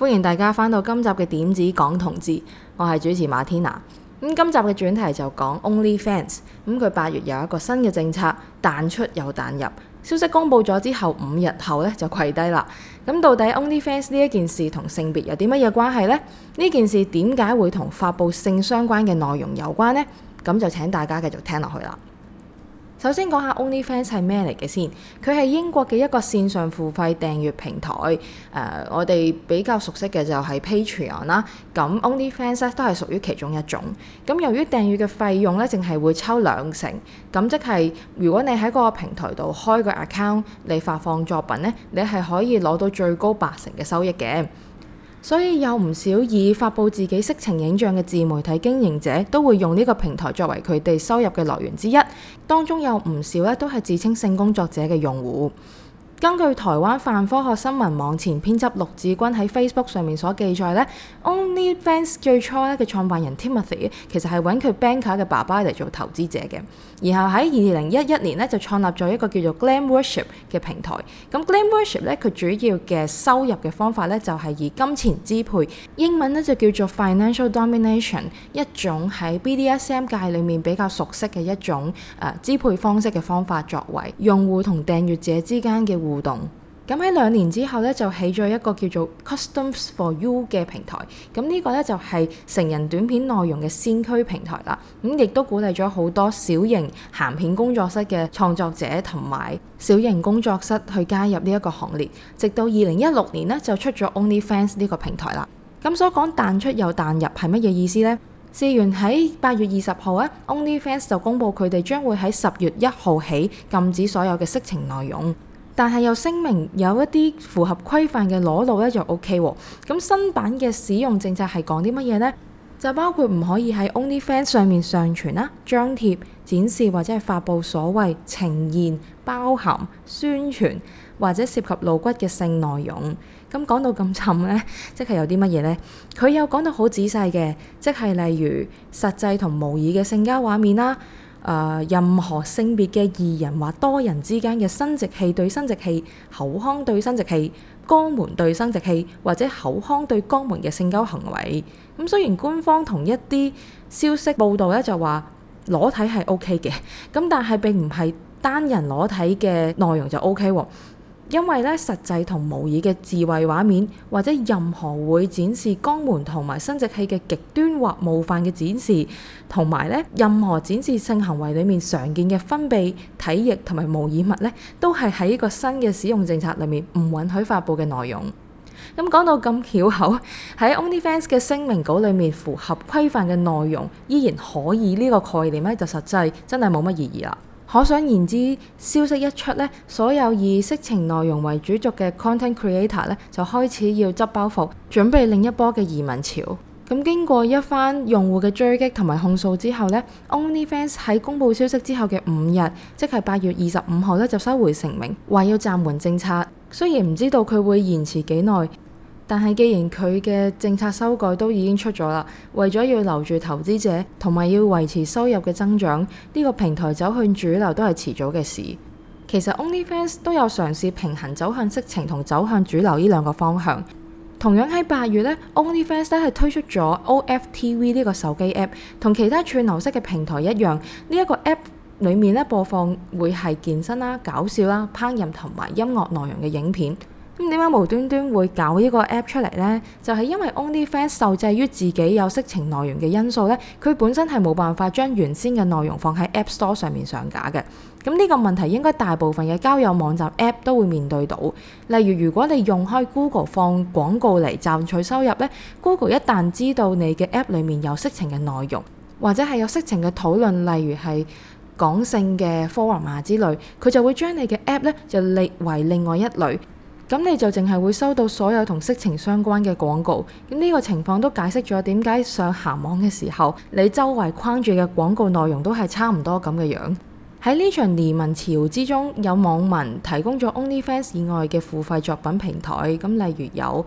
歡迎大家翻到今集嘅點子講同志，我係主持馬天娜。咁今集嘅轉題就講 OnlyFans，咁佢八月有一個新嘅政策彈出又彈入，消息公佈咗之後五日後咧就跪低啦。咁到底 OnlyFans 呢一件事同性別有啲乜嘢關係呢？呢件事點解會同發布性相關嘅內容有關呢？咁就請大家繼續聽落去啦。首先講下 OnlyFans 係咩嚟嘅先，佢係英國嘅一個線上付費訂閱平台。誒、呃，我哋比較熟悉嘅就係 Patreon 啦。咁 OnlyFans 咧都係屬於其中一種。咁由於訂閱嘅費用咧，淨係會抽兩成。咁即係如果你喺個平台度開個 account，你發放作品咧，你係可以攞到最高八成嘅收益嘅。所以有唔少以發佈自己色情影像嘅自媒體經營者，都會用呢個平台作為佢哋收入嘅來源之一。當中有唔少咧，都係自稱性工作者嘅用戶。根據台灣泛科學新聞網前編輯陸志君喺 Facebook 上面所記載咧，OnlyFans 最初咧嘅創辦人 Timothy 其實係揾佢 Banker 嘅爸爸嚟做投資者嘅，然後喺二零一一年咧就創立咗一個叫做 Glam Worship 嘅平台。咁 Glam Worship 咧，佢主要嘅收入嘅方法咧就係、是、以金錢支配，英文咧就叫做 Financial Domination，一種喺 BDSM 界裡面比較熟悉嘅一種誒、呃、支配方式嘅方法，作為用戶同訂閱者之間嘅互。互動，咁喺兩年之後咧，就起咗一個叫做 Customs for You 嘅平台。咁呢個咧就係成人短片內容嘅先驅平台啦。咁亦都鼓勵咗好多小型鹹片工作室嘅創作者同埋小型工作室去加入呢一個行列。直到二零一六年呢，就出咗 OnlyFans 呢個平台啦。咁所講彈出又彈入係乜嘢意思呢？事源喺八月二十號啊，OnlyFans 就公佈佢哋將會喺十月一號起禁止所有嘅色情內容。但係又聲明有一啲符合規範嘅裸露咧就 O K 喎。咁、OK 哦，新版嘅使用政策係講啲乜嘢呢？就包括唔可以喺 OnlyFans 上面上傳啦、啊、張貼、展示或者係發布所謂呈現、包含宣傳或者涉及露骨嘅性內容。咁講到咁沉呢，即係有啲乜嘢呢？佢有講到好仔細嘅，即係例如實際同模擬嘅性交畫面啦、啊。呃、任何性別嘅二人或多人之間嘅生殖器對生殖器、口腔對生殖器、肛門對生殖器或者口腔對肛門嘅性交行為，咁、嗯、雖然官方同一啲消息報道咧就話裸體係 OK 嘅，咁但係並唔係單人裸體嘅內容就 OK 喎。因為咧，實際同模擬嘅智慧畫面，或者任何會展示肛門同埋生殖器嘅極端或冒犯嘅展示，同埋咧任何展示性行為裏面常見嘅分泌體液同埋模擬物咧，都係喺個新嘅使用政策裏面唔允許發布嘅內容。咁講到咁巧口，喺 OnlyFans 嘅聲明稿裏面符合規範嘅內容，依然可以，呢個概念咧就實際真係冇乜意義啦。可想而知，消息一出呢，所有以色情內容為主軸嘅 content creator 呢，就開始要執包袱，準備另一波嘅移民潮。咁經過一番用戶嘅追擊同埋控訴之後，呢 OnlyFans 喺公布消息之後嘅五日，即係八月二十五號呢，就收回成命，話要暫緩政策。雖然唔知道佢會延遲幾耐。但係，既然佢嘅政策修改都已經出咗啦，為咗要留住投資者同埋要維持收入嘅增長，呢個平台走向主流都係遲早嘅事。其實 OnlyFans 都有嘗試平衡走向色情同走向主流呢兩個方向。同樣喺八月咧，OnlyFans 都係推出咗 OFTV 呢個手機 App，同其他串流式嘅平台一樣，呢一個 App 裡面咧播放會係健身啦、搞笑啦、烹飪同埋音樂內容嘅影片。咁點解無端端會搞呢個 app 出嚟呢？就係、是、因為 OnlyFans 受制於自己有色情內容嘅因素呢佢本身係冇辦法將原先嘅內容放喺 App Store 上面上架嘅。咁、嗯、呢、這個問題應該大部分嘅交友網站 app 都會面對到。例如如果你用開 Google 放廣告嚟賺取收入呢 Google 一旦知道你嘅 app 裏面有色情嘅內容，或者係有色情嘅討論，例如係講性嘅、forum 嘛之類，佢就會將你嘅 app 呢就列為另外一類。咁你就淨係會收到所有同色情相關嘅廣告，咁呢個情況都解釋咗點解上鹹網嘅時候，你周圍框住嘅廣告內容都係差唔多咁嘅樣，樣。喺呢場移民潮之中，有網民提供咗 OnlyFans 以外嘅付費作品平台，咁例如有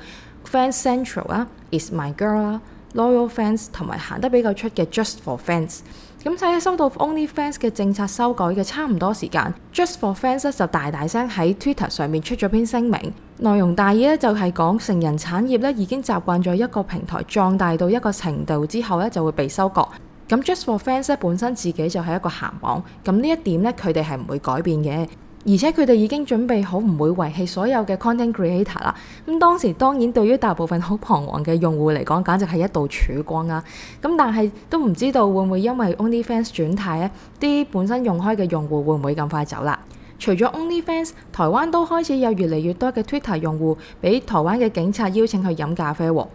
Fans Central 啊，Is My Girl 啊。Loyal fans 同埋行得比較出嘅 Just for fans，咁喺、嗯、收到 OnlyFans 嘅政策修改嘅差唔多時間，Just for fans 就大大聲喺 Twitter 上面出咗篇聲明，內容大意咧就係講成人產業咧已經習慣咗一個平台壯大到一個程度之後咧就會被收割。咁 Just for fans 咧本身自己就係一個鹹網，咁呢一點咧佢哋係唔會改變嘅。而且佢哋已經準備好唔會遺棄所有嘅 content creator 啦。咁當時當然對於大部分好彷徨嘅用戶嚟講，簡直係一道曙光啊！咁但係都唔知道會唔會因為 OnlyFans 轉態咧，啲本身用開嘅用戶會唔會咁快走啦？除咗 OnlyFans，台灣都開始有越嚟越多嘅 Twitter 用戶俾台灣嘅警察邀請去飲咖啡喎。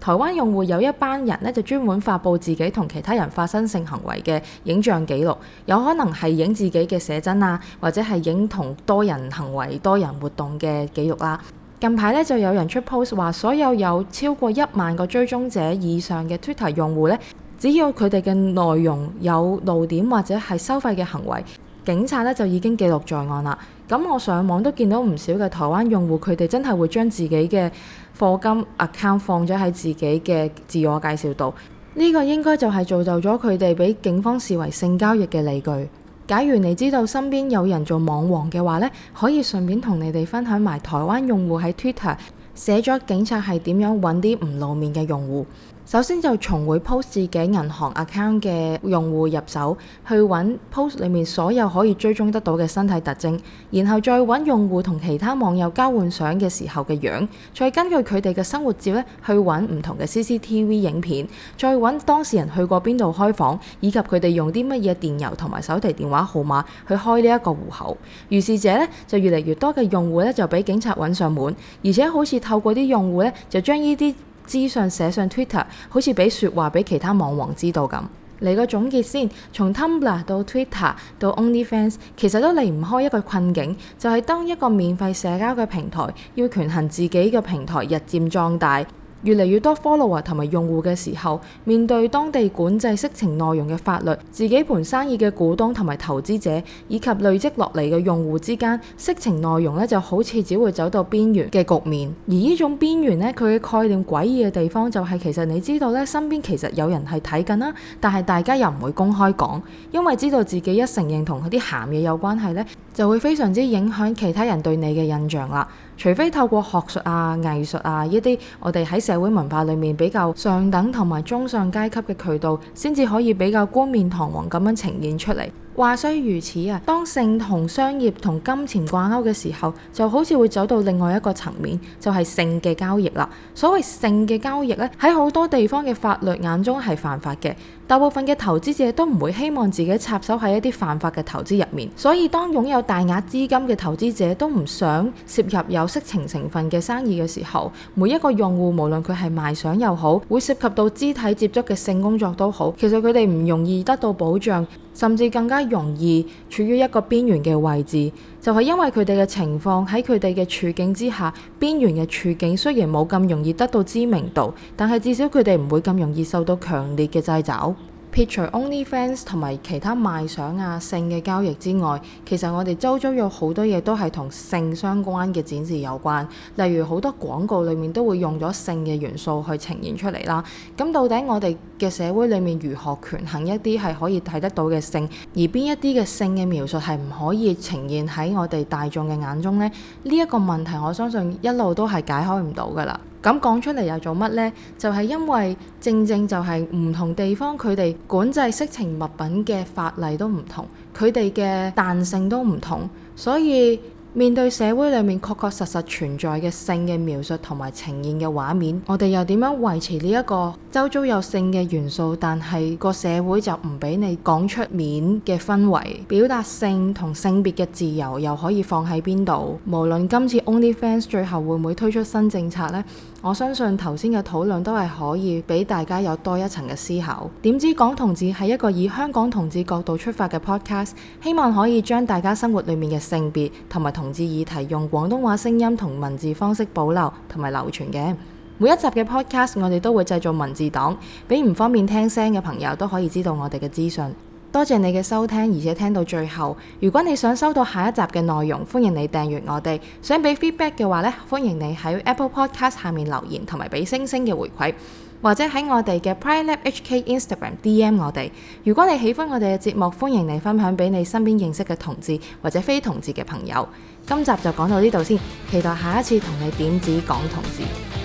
台灣用戶有一班人咧，就專門發布自己同其他人發生性行為嘅影像記錄，有可能係影自己嘅寫真啊，或者係影同多人行為、多人活動嘅記錄啦。近排咧就有人出 post 話，所有有超過一萬個追蹤者以上嘅 Twitter 用戶咧，只要佢哋嘅內容有露點或者係收費嘅行為，警察咧就已經記錄在案啦。咁我上網都見到唔少嘅台灣用戶，佢哋真係會將自己嘅課金 account 放咗喺自己嘅自我介紹度，呢、呢個應該就係造就咗佢哋俾警方視為性交易嘅理據。假如你知道身邊有人做網黃嘅話呢，可以順便同你哋分享埋台灣用戶喺 Twitter 寫咗警察係點樣揾啲唔露面嘅用戶。首先就從會 post 自己銀行 account 嘅用戶入手，去揾 post 裡面所有可以追蹤得到嘅身體特徵，然後再揾用戶同其他網友交換相嘅時候嘅樣，再根據佢哋嘅生活照咧，去揾唔同嘅 CCTV 影片，再揾當事人去過邊度開房，以及佢哋用啲乜嘢電郵同埋手提電話號碼去開呢一個戶口。於是者咧，就越嚟越多嘅用戶咧就俾警察揾上門，而且好似透過啲用戶咧就將呢啲。資訊寫上 Twitter，好似俾説話俾其他網黃知道咁。嚟個總結先，從 Tumblr 到 Twitter 到 OnlyFans，其實都離唔開一個困境，就係當一個免費社交嘅平台，要權衡自己嘅平台日漸壯大。越嚟越多 follower 同埋用戶嘅時候，面對當地管制色情內容嘅法律，自己盤生意嘅股東同埋投資者以及累積落嚟嘅用戶之間，色情內容呢就好似只會走到邊緣嘅局面。而呢種邊緣呢，佢嘅概念詭異嘅地方就係，其實你知道呢，身邊其實有人係睇緊啦，但係大家又唔會公開講，因為知道自己一承認同嗰啲咸嘢有關係呢。就會非常之影響其他人對你嘅印象啦。除非透過學術啊、藝術啊依啲我哋喺社會文化裡面比較上等同埋中上階級嘅渠道，先至可以比較冠冕堂皇咁樣呈現出嚟。話雖如此啊，當性同商業同金錢掛鈎嘅時候，就好似會走到另外一個層面，就係性嘅交易啦。所謂性嘅交易呢，喺好多地方嘅法律眼中係犯法嘅。大部分嘅投資者都唔會希望自己插手喺一啲犯法嘅投資入面，所以當擁有大額資金嘅投資者都唔想涉入有色情成分嘅生意嘅時候，每一個用戶無論佢係賣相又好，會涉及到肢體接觸嘅性工作都好，其實佢哋唔容易得到保障。甚至更加容易處於一個邊緣嘅位置，就係、是、因為佢哋嘅情況喺佢哋嘅處境之下，邊緣嘅處境雖然冇咁容易得到知名度，但係至少佢哋唔會咁容易受到強烈嘅掣肘。撇除 OnlyFans 同埋其他賣相啊性嘅交易之外，其實我哋周遭有好多嘢都係同性相關嘅展示有關，例如好多廣告裡面都會用咗性嘅元素去呈現出嚟啦。咁到底我哋嘅社會裡面如何權衡一啲係可以睇得到嘅性，而邊一啲嘅性嘅描述係唔可以呈現喺我哋大眾嘅眼中呢？呢、呢、一個問題我相信一路都係解開唔到㗎啦。咁講出嚟又做乜呢？就係因為正正就係唔同地方佢哋管制色情物品嘅法例都唔同，佢哋嘅彈性都唔同，所以面對社會裡面確確實實存在嘅性嘅描述同埋呈現嘅畫面，我哋又點樣維持呢一個周遭有性嘅元素，但係個社會就唔俾你講出面嘅氛圍，表達性同性別嘅自由又可以放喺邊度？無論今次 OnlyFans 最後會唔會推出新政策呢？我相信頭先嘅討論都係可以俾大家有多一層嘅思考。點知港同志係一個以香港同志角度出發嘅 podcast，希望可以將大家生活裡面嘅性別同埋同志議題用廣東話聲音同文字方式保留同埋流傳嘅。每一集嘅 podcast 我哋都會製作文字檔，俾唔方便聽聲嘅朋友都可以知道我哋嘅資訊。多謝你嘅收聽，而且聽到最後。如果你想收到下一集嘅內容，歡迎你訂閱我哋。想俾 feedback 嘅話咧，歡迎你喺 Apple Podcast 下面留言同埋俾星星嘅回饋，或者喺我哋嘅 PrideLab HK Instagram DM 我哋。如果你喜歡我哋嘅節目，歡迎你分享俾你身邊認識嘅同志或者非同志嘅朋友。今集就講到呢度先，期待下一次同你點止講同志。